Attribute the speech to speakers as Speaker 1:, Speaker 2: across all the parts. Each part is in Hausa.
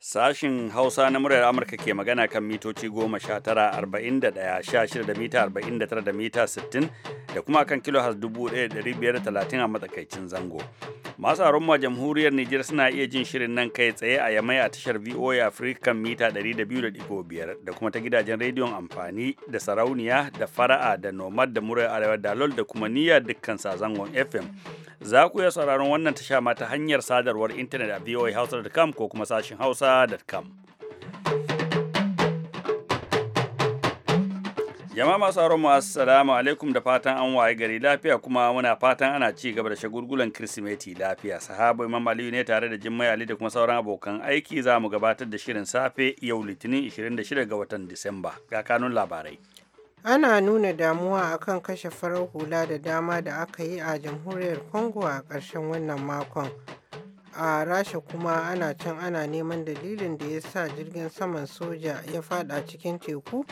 Speaker 1: Sashin Hausa na muryar Amurka ke magana kan mitoci goma sha tara arba'in da ɗaya sha shida da mita arba'in da tara da mita sittin da kuma kan da 1530 a matsakaicin zango. Masu ma jamhuriyar Nijar suna iya jin shirin nan kai tsaye a yamai a tashar VOA African mita 200.5 da kuma ta gidajen rediyon amfani da sarauniya da fara'a da nomad da murai arewa da lol da kuma niyya dukkan zangon FM. Za ku iya sauraron wannan tasha ma ta hanyar sadarwar intanet a voahausa.com ko kuma sashin hausa.com. Jama'a masu aron mu assalamu alaikum da fatan an waye gari lafiya kuma muna fatan ana ci gaba da shagulgulan Kirsimeti lafiya. Sahabo Imam Aliyu ne tare da Jimmai Ali da kuma sauran abokan aiki za mu gabatar da shirin safe yau Litinin 26 ga watan Disamba. Ga kanun labarai.
Speaker 2: Ana nuna damuwa akan kashe farar hula da dama da aka yi a jamhuriyar Congo a ƙarshen wannan makon. a rasha kuma ana can ana neman dalilin da ya sa jirgin saman soja ya fada cikin teku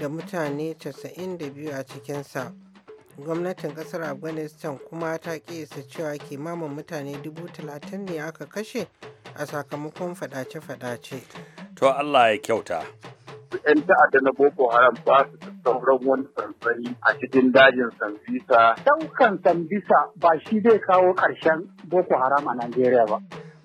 Speaker 2: da mutane 92 a cikinsa gwamnatin kasar afghanistan kuma ta kiyasta cewa kimanin mutane 30,000 ne aka kashe a sakamakon fadace-fadace
Speaker 1: to allah ya kyauta 'yan ta'adda na Boko Haram ba su sauran wani sansani a cikin dajin Sambisa.
Speaker 3: Daukan Sambisa ba shi zai kawo ƙarshen Boko Haram a Najeriya ba.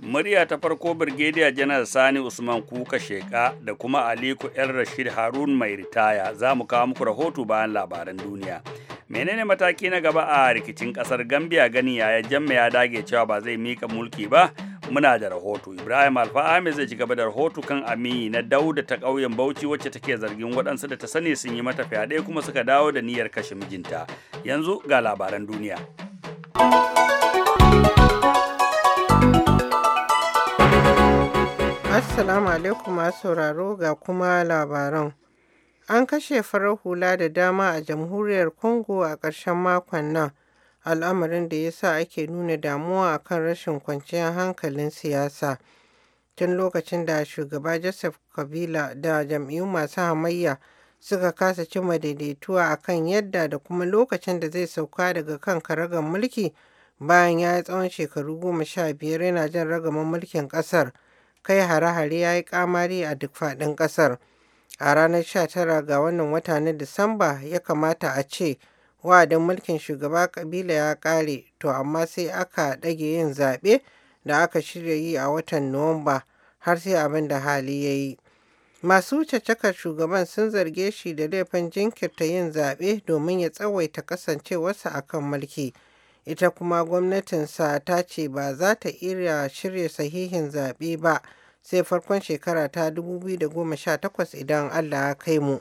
Speaker 1: murya ta farko birgediya janar sani usman kuka sheka da kuma aliko yan rashid harun mai ritaya za mu kawo muku rahoto bayan labaran duniya menene mataki na gaba a rikicin kasar gambia gani yaya jamma ya dage cewa ba zai mika mulki ba muna da rahoto ibrahim alfa ahmed zai ci gaba da rahoto kan amini na dauda ta ƙauyen bauchi wacce take zargin waɗansu da ta sani sun yi mata fyaɗe kuma suka dawo da niyyar kashe mijinta yanzu ga labaran duniya
Speaker 2: Assalamu alaikum sauraro ga kuma labaran. An kashe farar hula da dama a jamhuriyar Congo a ƙarshen makon nan, al'amarin da ya sa ake nuna damuwa akan rashin kwanciyar hankalin siyasa. Tun lokacin da shugaba Joseph Kabila da jam'iyyun masu hamayya suka kasa cimma daidaituwa kan yadda da kuma lokacin da zai sauka daga kan karagar mulki bayan ya yi tsawon shekaru goma sha biyar yana jan ragaman mulkin ƙasar. kai hare-hare ya yi kamari a duk faɗin ƙasar. A ranar 19 ga wannan wata na Disamba ya kamata a ce wa'adin mulkin shugaba kabila ya ƙare to amma sai aka ɗage yin zaɓe da aka shirya yi a watan Nuwamba har sai abin da hali ya yi. Masu cacakar shugaban sun zarge shi da laifin jinkirta yin zaɓe domin ya tsawaita kasancewarsa akan mulki. ita kuma gwamnatinsa ta ce ba za ta iya shirya sahihin zaɓe ba sai farkon shekara ta 2018 idan allah ya kai mu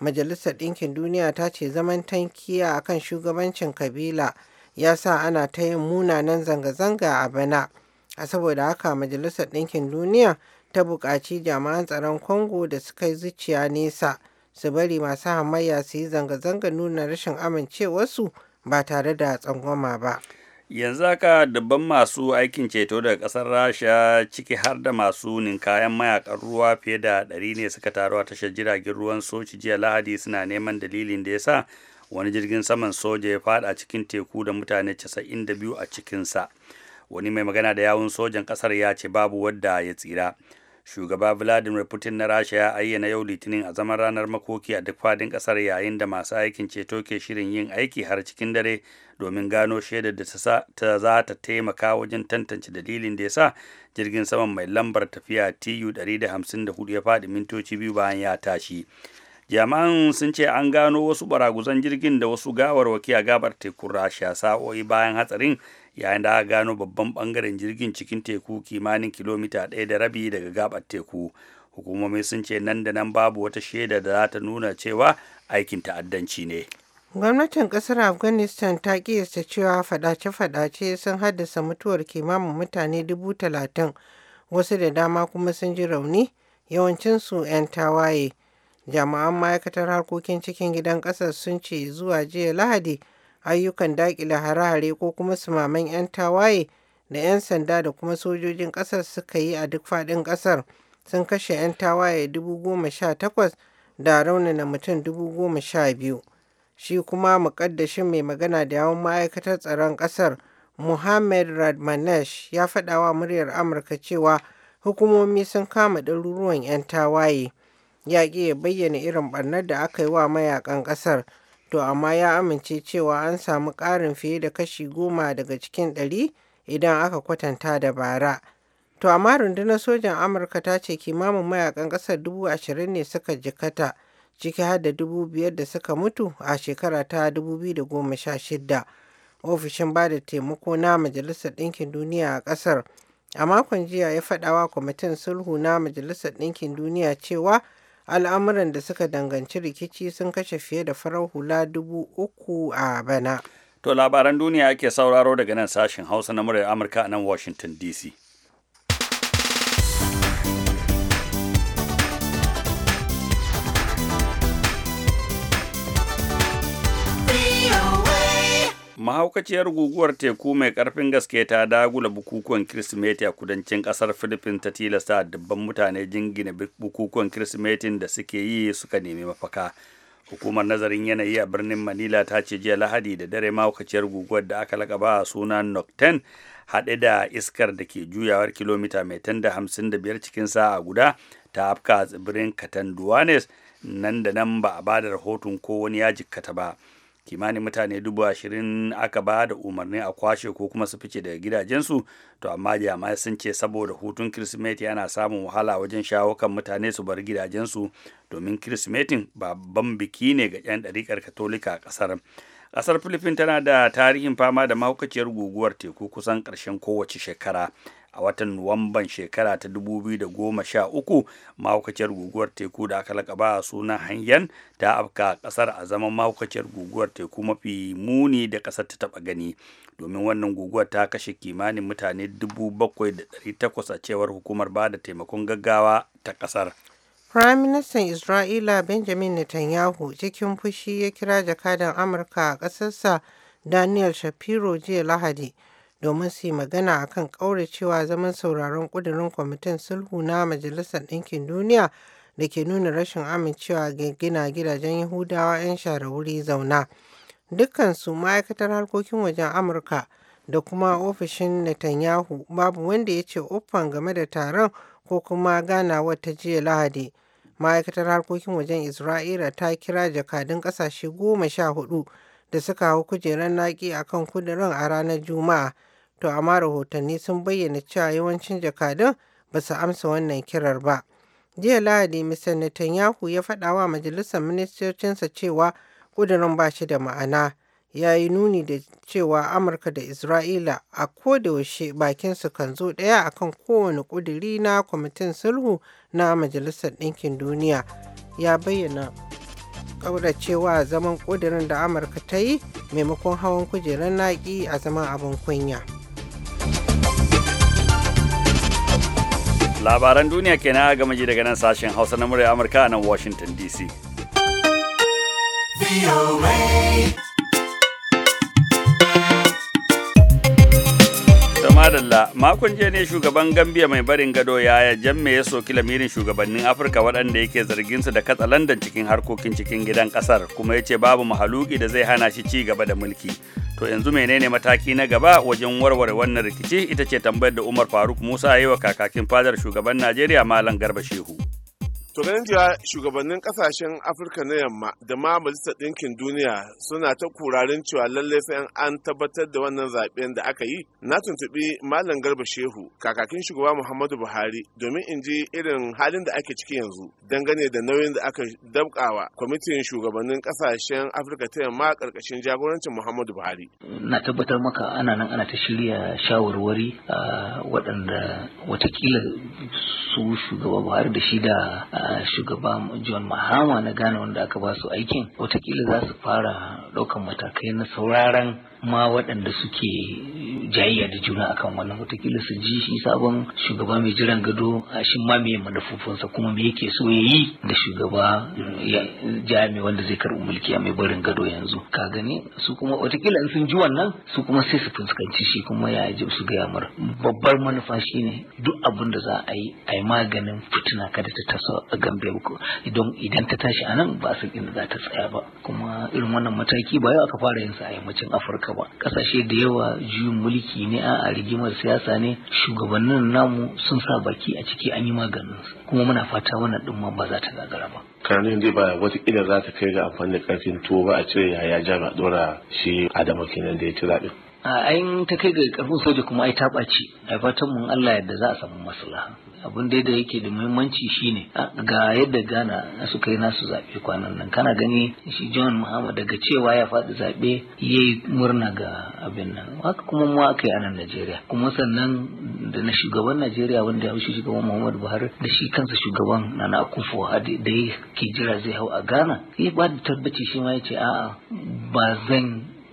Speaker 2: majalisar ɗinkin duniya ta ce zaman tankiya a kan shugabancin kabila ya sa ana ta yin munanan zanga-zanga a bana a saboda haka majalisar ɗinkin duniya ta buƙaci jami'an tsaron Kongo da suka yi zuciya nesa su bari masu hamayya su yi zanga-zanga nuna rashin amincewarsu ba tare da tsangwama ba
Speaker 1: yanzu haka dabban masu aikin ceto daga kasar rasha ciki har da masu ninkayan mayakan ruwa fiye da ɗari ne suka taru a tashar jiragen ruwan soci jiya lahadi suna neman dalilin da ya sa wani jirgin saman soja ya fada cikin teku da mutane 92 a cikinsa wani mai magana da yawun sojan kasar ya ce babu wadda ya tsira shugaba vladimir putin na rasha ya ayyana yau litinin a zaman ranar makoki a duk fadin kasar yayin da masu aikin ceto ke shirin yin aiki har cikin dare domin gano shaidar da ta za ta taimaka wajen tantance dalilin da ya sa jirgin saman mai lambar tafiya tu 154 ya faɗi mintoci biyu bayan ya tashi jami'an sun ce an gano wasu baraguzan jirgin da wasu gawarwaki a gabar tekun rasha sa'o'i bayan hatsarin yayin da aka gano babban bangaren jirgin cikin teku kimanin kilomita ɗaya da rabi daga gabar teku hukumomi sun ce nan da nan babu wata shaida da za ta nuna cewa aikin ta'addanci ne
Speaker 2: gwamnatin kasar afghanistan ta kiyasta cewa fadace-fadace sun haddasa mutuwar kimanin mutane dubu talatin wasu da dama kuma sun ji rauni yawancinsu 'yan tawaye jami'an ma'aikatar harkokin cikin gidan kasar sun ce zuwa jiya lahadi ayyukan daƙile hare-hare ko kuma sumaman 'yan tawaye da 'yan sanda da kuma sojojin ƙasar suka yi a duk faɗin ƙasar sun kashe 'yan tawaye takwas da raunana mutum biyu. shi kuma muƙaddashin mai magana da yawon ma'aikatar tsaron ƙasar Muhammad Radmanesh ya faɗa wa muryar Amurka cewa hukumomi sun kama ɗaruruwan 'yan tawaye. yaƙi ya bayyana irin ɓarnar da aka yi wa mayakan ƙasar. to amma ya amince cewa an samu ƙarin fiye da kashi goma daga cikin ɗari idan aka kwatanta da bara. To amma rundunar sojan Amurka ta ce kimamin mayakan ƙasar dubu ashirin ne suka jikata ciki har da dubu biyar da suka mutu a shekara ta dubu biyu da goma sha shida Ofishin ba da taimako na Majalisar Ɗinkin Duniya a ƙasar a makon jiya ya faɗawa kwamitin sulhu na Majalisar Ɗinkin Duniya cewa al'amuran da suka danganci rikici sun kashe fiye da farar hula dubu uku a bana.
Speaker 1: To labaran duniya ake sauraro daga nan sashen Hausa na muryar Amurka a nan Washington DC. mahaukaciyar guguwar teku mai karfin gaske ta dagula bukukuwan kirsimeti a kudancin kasar philippines ta tilasta dubban mutane jingina bukukuwan kirsimetin da suke yi suka nemi mafaka hukumar nazarin yanayi a birnin manila ta ce jiya lahadi da dare mahaukaciyar guguwar da aka lakaba a suna nocten haɗe da iskar da ke juyawar kilomita mai tanda hamsin da biyar cikin sa'a guda ta afka a tsibirin katanduanes nan da nan ba a ba da rahoton ko wani ya jikkata ba kimanin mutane dubu ashirin aka ba da umarni a kwashe ko kuma su fice daga gidajensu to amma jami'ai sun ce saboda hutun kirsimeti ana samun wahala wajen shawo kan mutane su bar gidajensu domin kirsimetin babban biki ne ga 'yan ɗariƙar katolika a ƙasar ƙasar filifin tana da tarihin fama da mahaukaciyar guguwar teku kusan ƙarshen kowace shekara a watan nuwamban shekara ta 2013 mahaukaciyar guguwar teku da aka lakaba a suna hanyan ta afka kasar a zaman mahaukaciyar guguwar teku mafi muni da kasar ta taba gani domin wannan guguwar ta kashe kimanin mutane 7,800 a cewar hukumar ba da taimakon gaggawa ta kasar
Speaker 2: Firaministan Isra'ila Benjamin Netanyahu cikin fushi ya kira jakadan Amurka a ƙasarsa Daniel Shapiro jiya Lahadi domin su yi magana a kan ƙauracewa zaman sauraron ƙudurin kwamitin sulhu na majalisar ɗinkin duniya da ke nuna rashin amincewa ga gina gidajen yahudawa 'yan share wuri zauna dukkansu ma'aikatar harkokin wajen amurka da kuma ofishin netanyahu babu wanda ya ce uffan game da taron ko kuma ganawa ta jiya lahadi ma'aikatar harkokin wajen isra'ila ta kira jakadun ƙasashe goma sha hudu da suka hau kujerar naki a kan kudirin a ranar Juma'a, to amma rahotanni sun bayyana cewa yawancin jakadun ba su amsa wannan kirar ba. Jiya Lahadi, Mr. Netanyahu ya faɗa wa majalisar ministocinsa cewa kudurin ba shi da ma'ana. Ya yi nuni da cewa Amurka da Isra'ila a kodayaushe su kan zo ɗaya akan kowane kuduri na kwamitin sulhu na Majalisar Ɗinkin Duniya. Ya bayyana ƙauracewa zaman ƙudirin da amurka ta yi maimakon hawan kujerar naki a zaman abin kunya
Speaker 1: labaran duniya kenan gama ji daga nan sashen hausa na murya amurka a nan washington dc madalla makon jiya ne shugaban gambia mai barin gado ya yaya jamme ya soki lamirin shugabannin afirka waɗanda yake zargin su da katsa katsalandan cikin harkokin cikin gidan ƙasar kuma ya ce babu mahaluki da zai hana shi ci gaba da mulki to yanzu menene mataki na gaba wajen warware wannan rikici ita ce tambayar da umar faruk musa ya yi wa kakakin fadar shugaban najeriya malam garba shehu
Speaker 4: To shugabannin kasashen Afirka na yamma da ma majalisar ɗinkin duniya suna ta kurarin cewa lallai sai an tabbatar da wannan zaɓen da aka yi. Na tuntuɓi Malam Garba Shehu kakakin shugaba Muhammadu Buhari domin in ji irin halin da ake ciki yanzu dangane da nauyin da aka dabkawa kwamitin shugabannin kasashen Afirka ta yamma ƙarƙashin jagorancin Muhammadu Buhari.
Speaker 5: Na tabbatar maka ana nan ana ta shirya shawarwari ah, waɗanda watakila su shugaba buhari da shi da shugaba john mahama na ghana wanda aka ba su aikin watakila za su fara ɗaukan matakai na sauraron ma waɗanda suke jayayya da juna akan wannan watakila su ji shi sabon shugaba mai jiran gado a shi ma mai madafufunsa kuma me yake so ya yi da shugaba jami wanda zai karɓi mulki a mai barin gado yanzu ka gani su kuma watakila in sun ji wannan su kuma sai su fuskanci shi kuma ya ji su gaya mara babbar manufa ne duk abin da za a yi a yi maganin fitina kada ta taso a gambe don idan ta tashi a nan ba su inda za ta tsaya ba kuma irin wannan mataki ba yau aka fara yin sa a yammacin afirka ba kasashe da yawa juyin mulki mulki ne a rigimar siyasa ne shugabannin namu sun sa baki a ciki an yi maganin kuma muna fata wannan ɗin ba za ta gagara ba
Speaker 4: karanin dai ba wata za ta kai ga amfani da karfin tuwo ba a cire yaya jami'a dora shi adama kenan da ya ci zaɓen
Speaker 5: ayin ta kai ga karfin soja kuma ai ta ɓaci ai fatan mun Allah yadda za a samu maslaha abin da yake da muhimmanci shine ga yadda gana su kai nasu zaɓe kwanan nan kana gani shi John Muhammad daga cewa ya faɗi zaɓe ya yi murna ga abin nan haka kuma mu aka yi a nan Najeriya kuma sannan da na shugaban Najeriya wanda ya shi shugaban Muhammad Buhari da shi kansa shugaban Nana Akufo da ya ke jira zai hau a gana ya ba da tabbaci shi ma ya ce a'a ba zan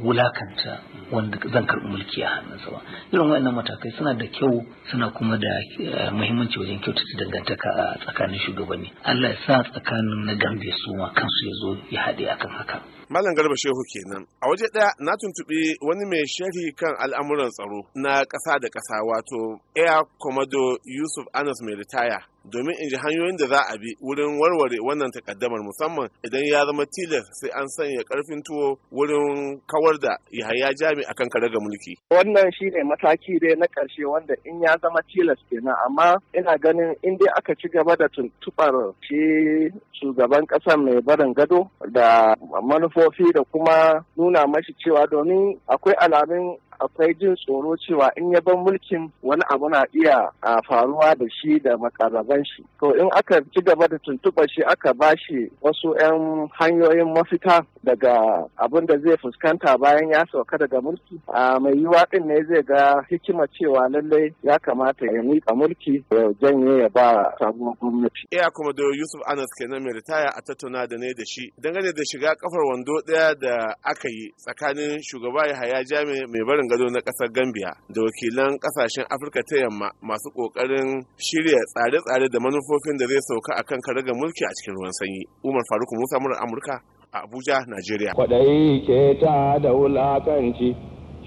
Speaker 5: wulakanta wanda zan karɓi mulki a hannunsa ba irin wa'annan matakai suna da kyau suna kuma da eh, muhimmanci wajen kyautata dangantaka a tsakanin shugabanni Allah ya sa tsakanin na gambe su ma kansu ya zo ya haɗe akan haka
Speaker 4: Malam Garba Shehu kenan. A waje ɗaya na tuntuɓi wani mai sharhi kan al'amuran tsaro na ƙasa da ƙasa wato Air Commodore Yusuf Anas mai ritaya domin in ji hanyoyin da za a bi wurin warware wannan takaddamar musamman idan ya zama tilas sai an sanya karfin tuwo wurin kawar da yahaya jami akan ga mulki.
Speaker 3: Wannan shi ne mataki dai na karshe wanda in ya zama tilas kenan amma ina ganin in dai aka ci gaba da tuntubar shi shugaban ƙasa mai barin gado da manufofi da kuma nuna mashi cewa domin akwai alamin akwai jin tsoro cewa in ya ban mulkin wani abu na iya faruwa da shi da makaraban shi to in aka ci gaba da tuntuɓa shi aka ba shi wasu 'yan hanyoyin mafita daga abin da zai fuskanta bayan ya sauka daga mulki a mai yiwa din ne zai ga hikima cewa lallai ya kamata ya miƙa mulki ya janye ya ba sabuwar gwamnati
Speaker 4: iya kuma da yusuf anas kenan mai ritaya a tattauna da ne da shi dangane da shiga kafar wando ɗaya da aka yi tsakanin shugaba yahaya jami mai barin kan gado na kasar gambia da wakilan kasashen afirka ta yamma masu kokarin shirya tsare-tsare da manufofin da zai sauka a kan karagar mulki a cikin ruwan sanyi umar faruk musa murar amurka a abuja nigeria kwaɗayi
Speaker 6: ke ta da wulakanci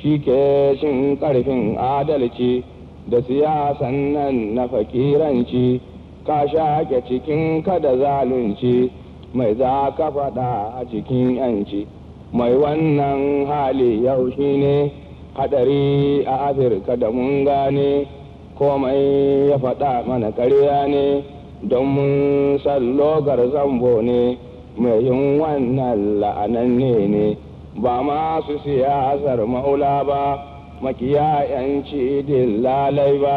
Speaker 6: shi ke shin karfin adalci da siyasan nan na fakiranci ka shaƙe cikin kada zalunci mai za ka faɗa a cikin yanci mai wannan hali yau shi ne hadari a afirka da mun gane komai ya faɗa mana karya ne don mun san logar zambo ne mai yin wannan la'ananne ne ba masu siyasar maula ba makiya 'yanci lalai ba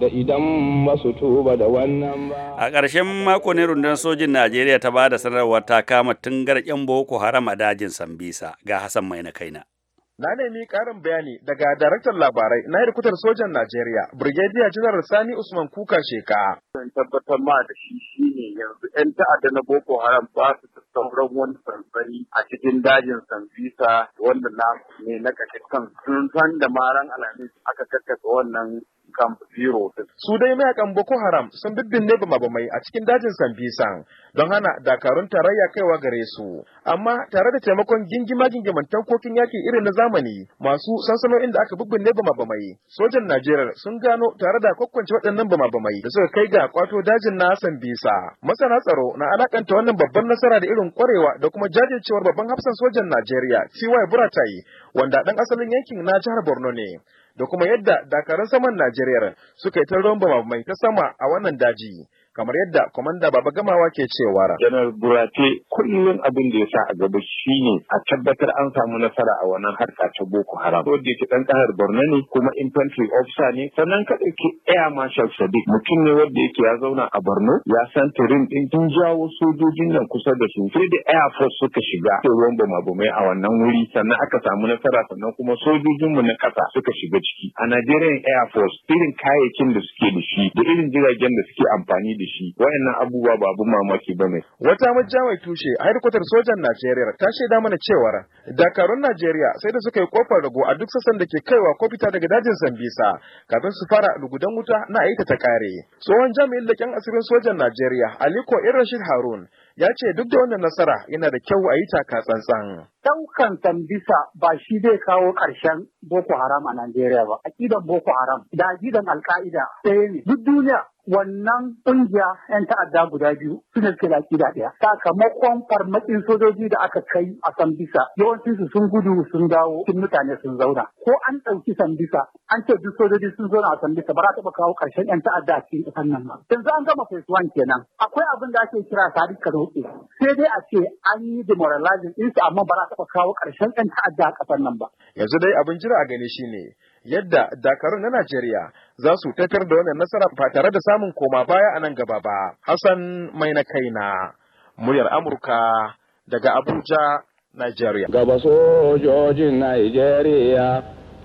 Speaker 6: da idan masu tuba da wannan ba.
Speaker 1: A ƙarshen mako ne rundun sojin Najeriya ta ba da sanarwar ta kama tungar 'yan Boko Haram a dajin Sambisa ga Hassan Mai na kaina.
Speaker 3: Na nemi ƙarin bayani daga daraktan labarai na hirkutar sojan Najeriya, Brigadier General Sani Usman Kuka Sheka. Zan tabbatar ma da shi shi ne yanzu 'yan ta'adda na Boko Haram ba su ta sauran wani sansani a cikin dajin Sanfisa wanda na ne na kashe kan sun san da maran alhamis aka kakkace wannan kam Zero. Su dai mayakan Boko Haram sun bibbinne ba mai a cikin dajin Sambisan don hana dakarun tarayya kaiwa gare su. Amma tare da taimakon gingima-gingiman tankokin yaki irin na zamani masu sansano'in da aka ne ba mai, sojan Najeriya sun gano tare da kwakwance waɗannan ba mai, da suka kai ga kwato dajin na Sambisa. Masana tsaro na alakanta wannan babban nasara da irin kwarewa da kuma jajircewar babban hafsan sojan Najeriya, CY Buratai, wanda ɗan asalin yankin na jihar Borno ne. da kuma yadda dakarun saman Najeriya suka yi ta romba mai ta sama a wannan daji kamar yadda kwamanda baba gamawa ke cewa janar burace kullum abin da ya sa a gaba shine a tabbatar an samu nasara a wannan harka ta boko haram da yake dan kahar borno ne kuma infantry officer ne sannan ka ɗauki air marshal sadiq mutum ne wanda yake ya zauna a borno ya san turin ɗin tun jawo sojojin nan kusa da su sai da air force suka shiga sai ruwan bumabumai a wannan wuri sannan aka samu nasara sannan kuma sojojin mu na ƙasa suka shiga ciki a nigerian air force irin kayayyakin da suke da shi da irin jiragen da suke amfani da da shi wayannan abubuwa ba abun mamaki ba ne. Wata majja mai tushe a sojan Najeriya ta shaida mana cewar dakarun Najeriya sai da suka yi kofar rago a duk sassan da ke kaiwa ko fita daga dajin Sambisa kafin su fara lugudan wuta na aika ta kare. Tsohon jami'in laƙen asirin sojan Najeriya Aliko Irrashid Harun ya ce duk da wannan nasara yana da kyau a yi taka tsantsan. Daukan Sambisa ba shi zai kawo ƙarshen Boko Haram a Najeriya ba. Akidan Boko Haram da akidan Al-Qaida ɗaya ne. Duk duniya wannan ƙungiya 'yan ta'adda guda biyu suna suke da aƙida ɗaya sakamakon farmakin sojoji da aka kai a sambisa yawancin su sun gudu sun dawo sun mutane sun zauna ko an ɗauki sambisa an ce duk sojoji sun zauna a sambisa ba za taɓa kawo ƙarshen 'yan ta'adda a cikin ƙasar nan ba yanzu an gama fesuwan kenan akwai abin da ake kira Sadiq karoke sai dai a ce an yi demoralizing ɗinsu amma ba za taɓa kawo ƙarshen 'yan ta'adda a ƙasar nan ba yanzu dai abin jira a gani shine yadda dakarun na Najeriya za su tafiyar da wannan nasara ba tare da samun koma baya a nan gaba ba. Hassan mai na
Speaker 6: kaina muryar Amurka daga Abuja, Najeriya. Gaba sojojin Najeriya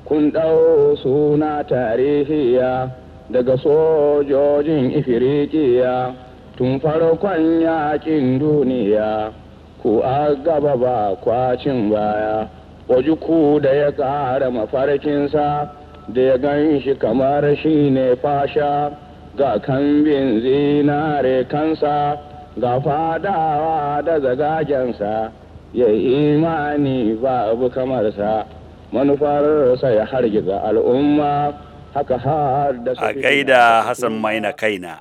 Speaker 6: kun ɗau suna tarihiya daga sojojin Ifirikiya tun farkon yakin duniya ku a gaba ba kwacin baya. wajuku da ya ƙara mafarkinsa da ya gan shi kamar shi ne fasha ga kambin zinare kansa ga fadawa da zagajensa ya imani babu kamarsa manufarsa ya hargiza al'umma haka
Speaker 1: har da su a gaida hassan maina kaina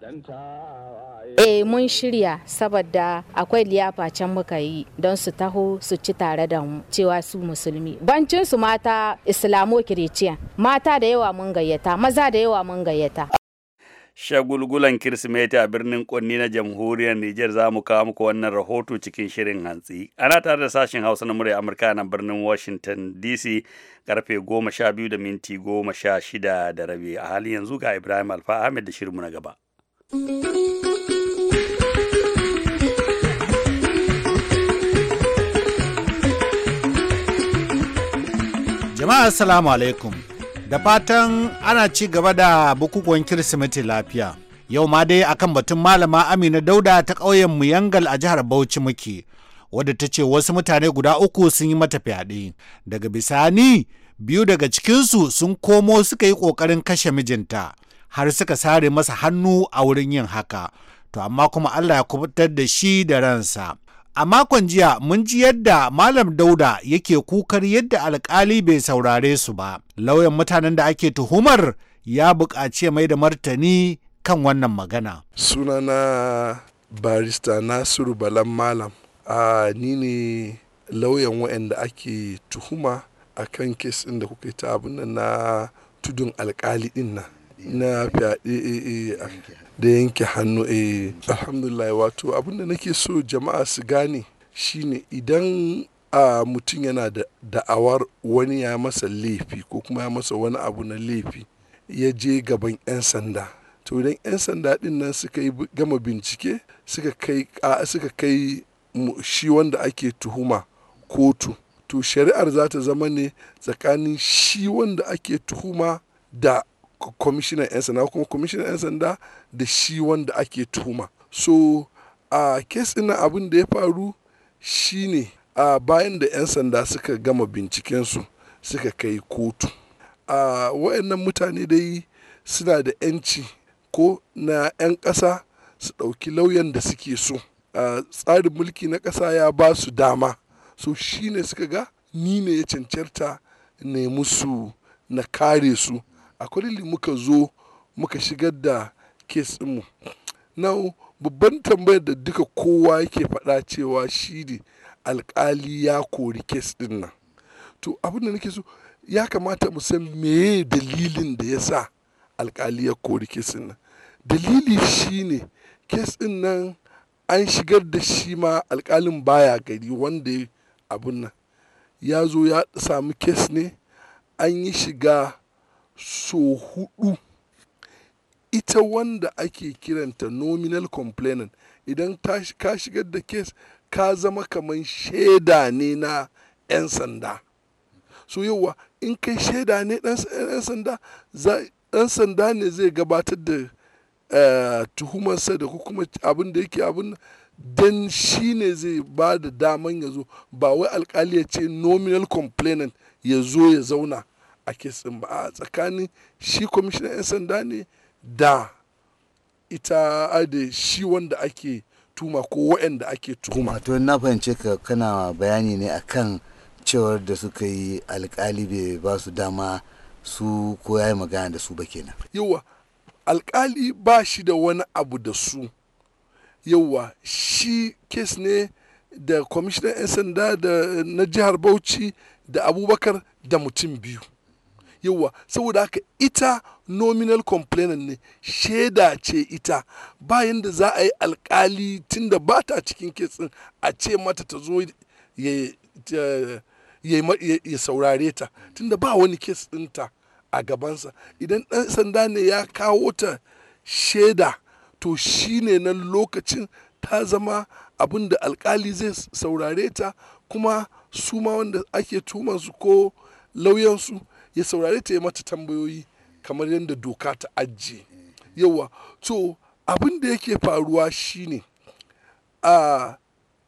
Speaker 2: eh mun shirya saboda akwai liyafa can muka yi don su taho su ci tare da cewa su musulmi bancin su mata islamo kiriciyan mata da yawa mun gayyata maza da yawa mun gayyata
Speaker 1: shagulgulan kirsimeti a birnin kunni na jamhuriyar niger za mu kawo muku wannan rahoto cikin shirin hantsi. Ana tare da sashen Hausa na murya Amurka na birnin Washington DC karfe goma sha biyu da minti goma sha shida da rabi a halin yanzu ga Ibrahim Alfa Ahmed da shirinmu na gaba.
Speaker 7: Jama'a Assalamu alaikum. Da fatan ana ci gaba da bukukuwan Kirsimeti lafiya. Yau ma dai akan batun Malama Amina Dauda ta ƙauyen yangal a jihar Bauchi muke, wadda ta ce wasu mutane guda uku sun yi mata fyaɗe. Daga bisani, biyu daga cikinsu sun komo suka yi ƙoƙarin kashe mijinta, har suka sare masa hannu a wurin yin haka. To amma kuma Allah ya kubutar da shi da ransa. A makon jiya mun ji yadda Malam Dauda yake kukar yadda alkali bai saurare su ba. Lauyan mutanen da ake tuhumar ya buƙaci mai da martani kan wannan magana.
Speaker 8: Sunana barista Nasiru Balan Malam. A ni ne lauyan waɗanda ake tuhuma a kan kes ɗin da kuka yi ta abin na tudun alkali ɗin na. Na fyaɗe eh, eh, eh, da yanke hannu eh alhamdulillah wato abinda nake so jama'a su gane shine idan a mutum yana da da'awar wani ya masa laifi ko kuma ya masa wani abu na laifi ya je gaban 'yan sanda to idan 'yan sanda din nan suka yi gama bincike suka kai suka kai shi wanda ake tuhuma kotu to shari'ar za ta zama ne tsakanin shi wanda ake tuhuma da kwamishinan 'yan sanda kuma kwamishinan 'yan sanda da shi wanda ake tuma. so a kes ɗin abin da ya faru shine a bayan da 'yan sanda suka gama bincikensu suka kai kotu a wayannan mutane dai suna da 'yanci ko na 'yan ƙasa su ɗauki lauyan da suke so tsarin mulki na ƙasa ya ba su dama so shine suka ga ni ne ya cancanta ne musu na kare su A akwai muka zo muka shigar da kes ɗinmu na babban tambayar da duka kowa yake faɗa cewa shi ne alkali ya kori kes din nan to abin da nake so ya kamata mu san meye dalilin da ya sa alkali ya kori kes din nan dalili shi ne kes din nan an shigar da shi ma alkalin baya gari wanda abin nan ya zo ya samu kes ne an yi shiga so hudu ita wanda ake kiranta nominal complainant idan ka shigar da kes ka zama kamar shaida ne na 'yan sanda so yawa in kai shaida ne 'yan sanda ɗan sanda ne zai gabatar da eh, tuhumarsa da kuma abin da yake abin don shi ne zai ba da daman ya zo ba wai alkali ya ce nominal complainant ya zo ya zauna ake tsin ba a tsakanin shi kwamishinan 'yan sanda ne da ita da shi wanda ake tuma ko waɗanda ake tuhuma. to na fahimce ka kana bayani ne akan cewar da suka yi alkali bai ba su dama su ko ya yi magana da su ba kenan. yawa alkali ba shi da wani abu da su yawa shi kes ne da kwamishinan 'yan sanda na jihar bauchi da abubakar da mutum biyu yauwa saboda haka ita nominal complainant ne shaida ce ita bayan da za a yi alkali da ba ta cikin kitsin a ce mata ta zo ya saurare ta tun da ba wani kes ta a gabansa idan ɗan sanda ne ya kawo ta shaida to shi ne nan lokacin ta zama abin da alkali zai saurare ta kuma su ma wanda ake tumansu ko lauyansu ya saurari ta yi mata tambayoyi kamar yadda doka ta ajiye yawa to abin da yake faruwa shine a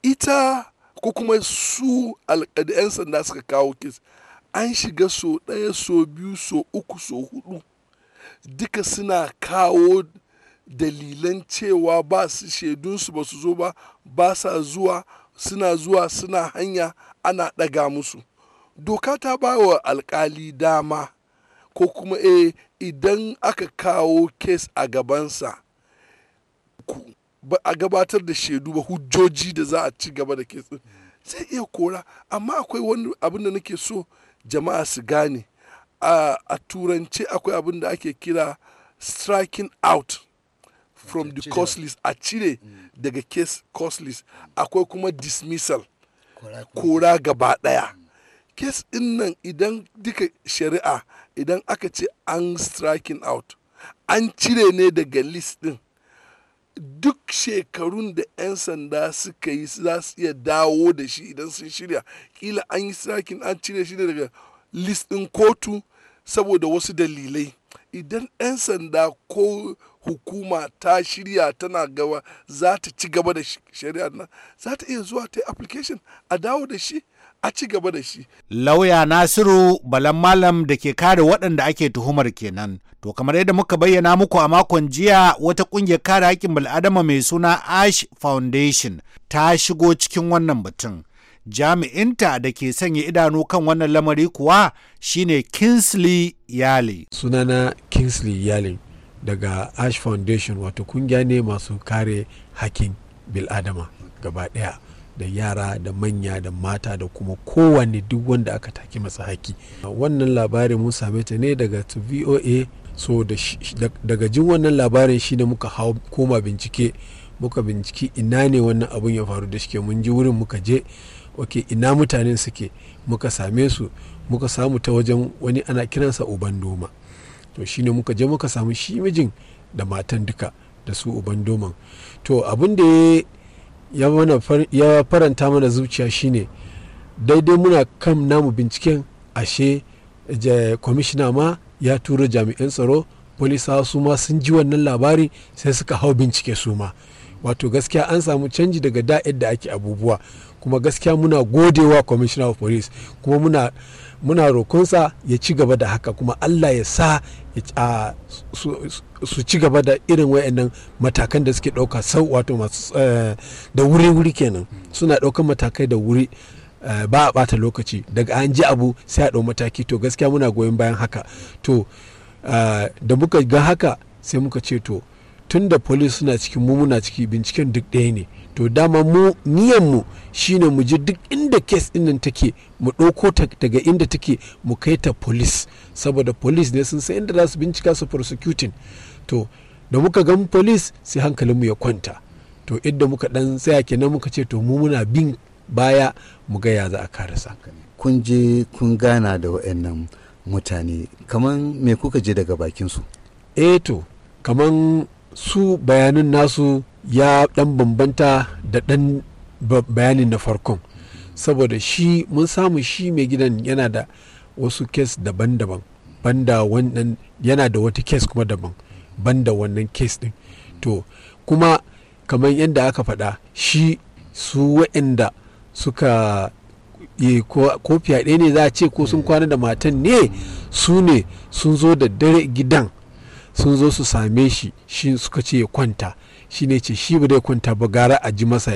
Speaker 8: ita ko kuma su alƙadi 'yan sanda suka kawo kes an shiga so ɗaya so biyu so uku so hudu duka suna kawo dalilan cewa ba su shaidunsu ba su zo ba ba sa zuwa suna zuwa suna hanya ana ɗaga musu doka ta ba wa alkali dama ko kuma e idan aka kawo kes a gabansa ba a gabatar da shaidu ba hujjoji da za a ci gaba da kes zai iya kora amma akwai wani abin da nake so jama'a su gane a turance akwai abin da ake kira striking out from the cost list a cire mm. daga case cost list akwai kuma dismissal kora gaba daya kes ɗinnan nan idan duka shari'a idan aka ce an striking out an cire ne daga list ɗin duk shekarun da 'yan sanda suka yi za su iya dawo da shi idan sun shirya kila an yi striking an cire shi daga list ɗin kotu saboda wasu dalilai idan 'yan sanda ko hukuma ta shirya tana gaba za ta ci gaba da shari'ar nan za ta iya zuwa ta yi application a dawo da shi a ci gaba da shi.
Speaker 7: Lauya Nasiru Balan Malam da ke kare waɗanda ake tuhumar kenan. To kamar yadda muka bayyana muku a makon jiya wata ƙungiyar kare haƙƙin bil'adama mai suna Ash Foundation ta shigo cikin wannan batun. Jami'inta da ke sanya idanu kan
Speaker 9: wannan lamari kuwa shine Kingsley Yale. Sunana Kingsley Yale daga Ash Foundation wato kungiya ne masu kare haƙƙin bil'adama gaba ɗaya. da yara da manya da mata da kuma kowane duk wanda aka take masa haki wannan labarin mun same ta ne daga voa so daga jin wannan labarin shi ne muka hau koma bincike muka binciki ina ne wannan abun ya faru da ke mun ji wurin muka je ok ina mutanen suke muka same su muka samu ta wajen wani ana kiransa uban doma to shi ne muka je muka samu shi mijin da matan duka da su uban doman to abin da ya ya faranta mana zuciya shine daidai muna kan namu binciken ashe kwamishina ma ya tura jami'an tsaro polisa su ma sun ji wannan labari sai suka hau bincike su ma wato gaskiya an samu canji daga da da ake abubuwa kuma gaskiya muna godewa kwamishina of police kuma muna muna rokonsa ya ci gaba da haka kuma allah ya sa Ah, su ci gaba da irin wayannan matakan da suke ɗauka sau wato masu eh, da wuri-wuri kenan suna ɗaukan matakai da wuri eh, ba a ɓata lokaci daga an ji abu sai a ɗau mataki to gaskiya muna goyon bayan haka to eh, da muka ga haka sai muka ce to tun da police suna cikin mu muna ciki binciken duk ɗaya ne to dama mu niyanmu shine mu ji duk inda kes ɗinnan take mu ɗauko daga inda take mu kai ta police saboda police ne sun san inda za su bincika su prosecuting to da muka gan police sai hankalin mu ya kwanta to idda muka dan tsaya kenan muka ce to mu muna bin baya mu ga ya za a karasa kun je kun gana da waɗannan mutane kaman me kuka je daga bakin su eh to kaman su bayanin nasu ya dan bambanta da dan bayanin na farkon saboda shi mun samu shi mai gidan yana da wasu kes daban-daban banda wannan yana da wata kes kuma daban banda wannan kes din to kuma kamar yadda aka faɗa shi su wainda suka ko fyaɗe ne za a ce ko sun hmm. kwana da matan ne su ne sun zo da dare gidan sun zo su same shi shi suka ce ya kwanta shi ne ce shi ba zai kwanta ba gara a ji masa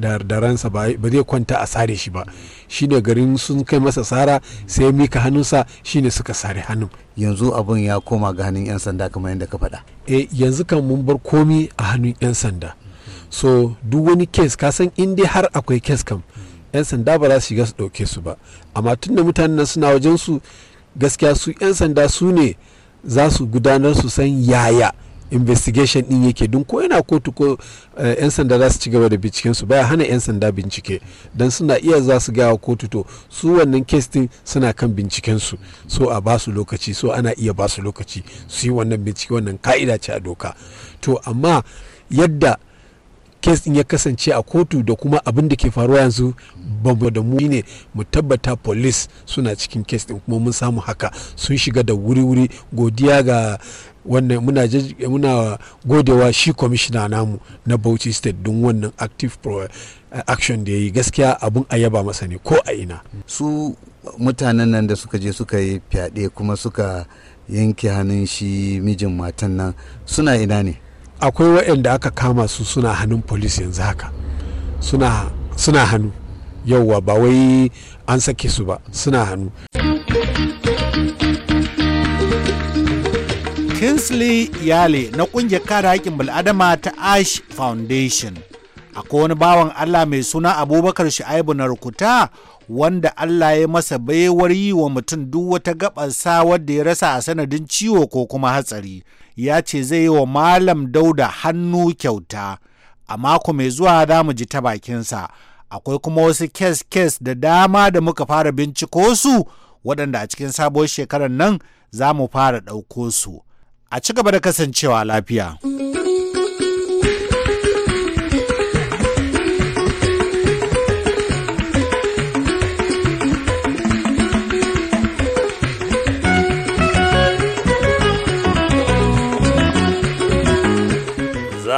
Speaker 9: da ransa ba zai kwanta a sare shi ba shi ne garin sun kai masa sara sai mika hannunsa shi ne suka sare hannun yanzu abin ya koma ga hannun 'yan sanda kamar yadda ka faɗa eh yanzu kan mun bar komi a hannun 'yan sanda so duk wani kes ka san in har akwai kes kam 'yan sanda ba za su shiga su ɗauke su ba amma tun da mutanen nan suna wajen su gaskiya su 'yan sanda su ne za su gudanar su san yaya investigation din yake don ko yana kotu ko eh, yan sanda za su ci gaba da binciken su baya hana yan sanda bincike don suna iya za su gaya kotu to su wannan kes din suna kan binciken su so a ba su lokaci so ana iya ba su lokaci su yi wannan bincike wannan ka'ida ce a doka to amma yadda kes din ya kasance a kotu da kuma abin da ke faruwa yanzu da mu ne mu tabbata police suna cikin kes din kuma mun samu haka sun shiga da wuri-wuri godiya ga wannan muna, muna godewa shi kwamishina namu na bauchi state don wannan active pro, eh, action da ya yi gaskiya abin a yaba masa ne ko a ina su mutanen nan da suka je suka yi fyaɗe kuma suka yanke hannun shi mijin matan nan suna ina ne akwai waɗanda aka kama su suna hannun polis yanzu haka suna, hannu yauwa ba wai an sake su ba suna hannu
Speaker 7: kinsley yale na ƙungiyar kare haƙƙin bil'adama ta ash foundation akwai wani bawan Allah mai suna abubakar shi'aibu na rukuta wanda Allah ya masa baiwar yi wa mutum duk wata sa wadda ya rasa a sanadin ciwo ko kuma hatsari ya ce zai yi wa malam dauda hannu kyauta a mako mai zuwa za mu ji ta bakinsa akwai kuma wasu kes-kes da dama da muka fara binciko su waɗanda a cikin sabuwar shekarar nan za mu fara ɗauko su a ci gaba da kasancewa lafiya. Mm -hmm.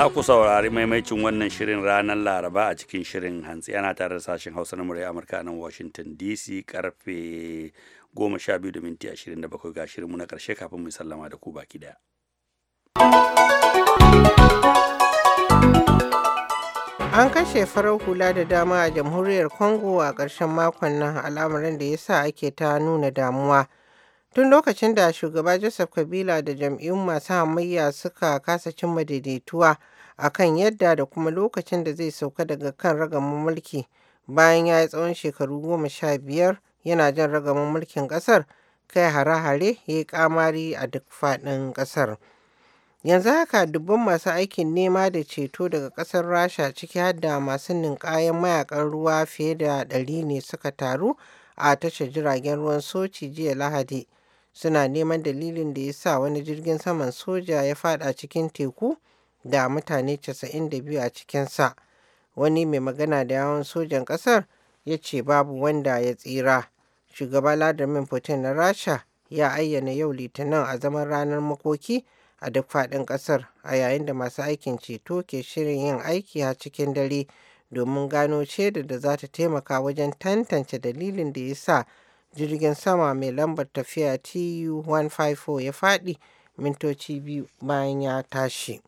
Speaker 1: za ku saurari maimacin wannan shirin ranar laraba a cikin shirin hantsi ana tare da sashen hausa na murya amurka nan washington dc karfe 12.27 da ga shirinmu na karshe kafin mu sallama da ku baki daya
Speaker 2: an kashe farar hula da dama a jamhuriyar congo a ƙarshen makon nan al'amarin da ya sa ake ta nuna damuwa Tun lokacin da shugaba Joseph Kabila da jam'iyyun masu hamayya suka kasa cimma daidaituwa a kan yadda da kuma lokacin da zai sauka daga kan ragaman mulki bayan ya yi tsawon shekaru goma sha biyar yana jan ragaman mulkin ƙasar kai hare-hare ya yi ƙamari a duk faɗin ƙasar. Yanzu haka dubban masu aikin nema da ceto daga ƙasar Rasha ciki hadda masu ninƙayan mayakan ruwa fiye da ɗari ne suka taru a tashar jiragen ruwan Sochi jiya Lahadi suna neman dalilin da ya sa wani jirgin saman soja ya fada cikin teku da mutane 92 a cikinsa wani mai magana da yawon sojan ƙasar ya ce babu wanda ya tsira shugaba ladamin putin na rasha ya ayyana yau litinin a zaman ranar makoki a duk faɗin ƙasar a yayin da masu aikin ceto ke shirin yin aiki a cikin dare domin gano shaidar da za ta taimaka wajen tantance dalilin da ya sa jirgin sama mai lambar tafiya tu-154 ya faɗi mintoci biyu bayan ya tashi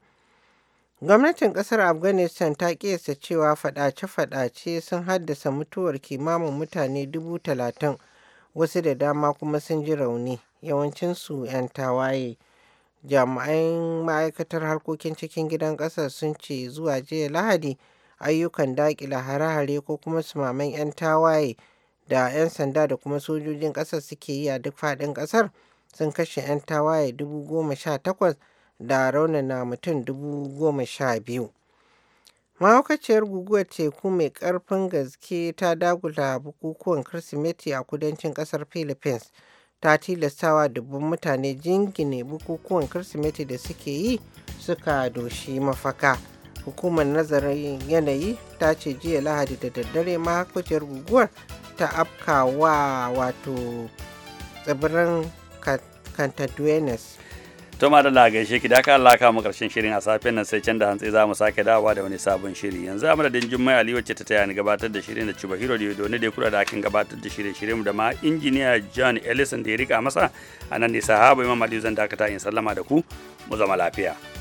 Speaker 2: gwamnatin kasar afghanistan ta kiyasta cewa fadace-fadace sun haddasa mutuwar kimamin mutane dubu talatin wasu da dama kuma sun ji rauni yawancinsu 'yan tawaye jami'an ma'aikatar harkokin cikin gidan kasar sun ce zuwa jiya lahadi ayyukan daƙila hare-hare ko kuma sumaman 'yan tawaye da 'yan sanda da kuma sojojin ƙasar suke yi a duk faɗin ƙasar sun kashe 'yan tawaye dubu goma sha takwas da raunana mutum dubu goma sha biyu. mahaukaciyar guguwar teku mai ƙarfin gaske ta dagula bukukuwan kirsimeti a kudancin ƙasar philippines ta tilastawa dubban mutane jingine bukukuwan kirsimeti da suke yi suka doshi mafaka hukumar nazarin yanayi ta ce jiya lahadi da daddare ma guguwar ta afkawa wato tsibirin cantaduenes
Speaker 1: to ma da lagashe shi da aka Allah mu karshen shirin a safen nan sai can da hantsi za mu sake dawowa da wani sabon shiri yanzu da madadin jummai ali wacce ta tayani gabatar da shirin da ciba hiro da ne da kula da akin gabatar da shirin shirin da ma injiniya john ellison da ya rika masa anan nan ne sahaba imam Ali zan dakata in sallama da ku mu zama lafiya